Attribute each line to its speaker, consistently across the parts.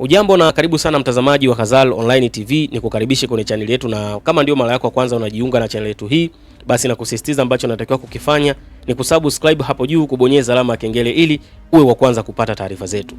Speaker 1: Ujambo na karibu sana mtazamaji wa Khazal Online TV, ni kukaribishe kwenye chaneli yetu, na kama ndio mara yako ya kwanza unajiunga na chaneli yetu hii, basi na kusisitiza ambacho natakiwa kukifanya ni kusubscribe hapo juu, kubonyeza alama ya kengele ili uwe wa kwanza kupata taarifa zetu.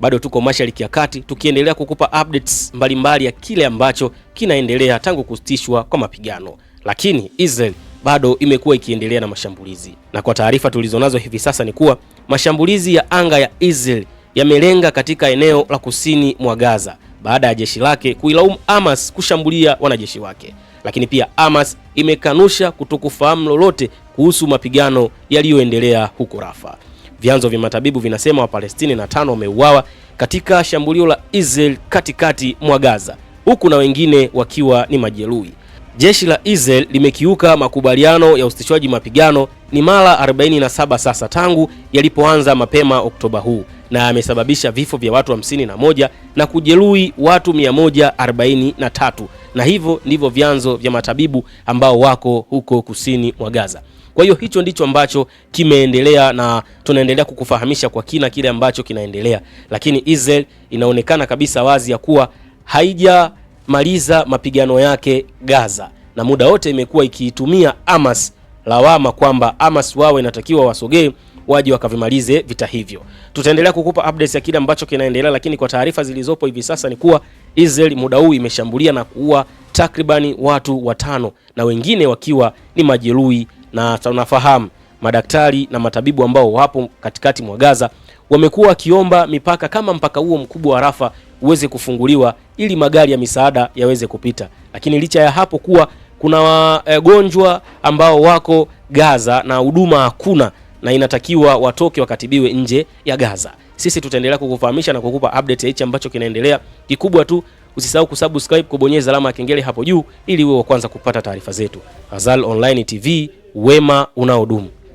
Speaker 1: Bado tuko Mashariki ya Kati tukiendelea kukupa updates mbalimbali mbali ya kile ambacho kinaendelea tangu kusitishwa kwa mapigano, lakini Israel bado imekuwa ikiendelea na mashambulizi, na kwa taarifa tulizonazo hivi sasa ni kuwa mashambulizi ya anga ya Israel yamelenga katika eneo la kusini mwa Gaza baada ya jeshi lake kuilaumu Hamas kushambulia wanajeshi wake. Lakini pia Hamas imekanusha kutokufahamu lolote kuhusu mapigano yaliyoendelea huko Rafa. Vyanzo vya matabibu vinasema Wapalestini na tano wameuawa katika shambulio la Israel katikati mwa Gaza, huku na wengine wakiwa ni majeruhi jeshi la Israel limekiuka makubaliano ya usitishwaji mapigano ni mara 47 sasa tangu yalipoanza mapema Oktoba huu na yamesababisha vifo vya watu 51 na, na kujeruhi watu 143 na hivyo ndivyo vyanzo vya matabibu ambao wako huko kusini mwa Gaza. Kwa hiyo hicho ndicho ambacho kimeendelea na tunaendelea kukufahamisha kwa kina kile ambacho kinaendelea, lakini Israel inaonekana kabisa wazi ya kuwa haija maliza mapigano yake Gaza, na muda wote imekuwa ikiitumia Hamas lawama kwamba Hamas wao inatakiwa wasogee waje wakavimalize vita hivyo. Tutaendelea kukupa updates ya kile ambacho kinaendelea, lakini kwa taarifa zilizopo hivi sasa ni kuwa Israel muda huu imeshambulia na kuua takribani watu watano na wengine wakiwa ni majeruhi, na tunafahamu madaktari na matabibu ambao wapo katikati mwa Gaza wamekuwa wakiomba mipaka kama mpaka huo mkubwa wa Rafa uweze kufunguliwa ili magari ya misaada yaweze kupita. Lakini licha ya hapo kuwa kuna wagonjwa eh, ambao wako Gaza na huduma hakuna na inatakiwa watoke wakatibiwe nje ya Gaza. Sisi tutaendelea kukufahamisha na kukupa update ya hichi ambacho kinaendelea. Kikubwa tu usisahau kusubscribe, kubonyeza alama ya kengele hapo juu ili uwe wa kwanza kupata taarifa zetu. Azal Online TV, wema unaodumu.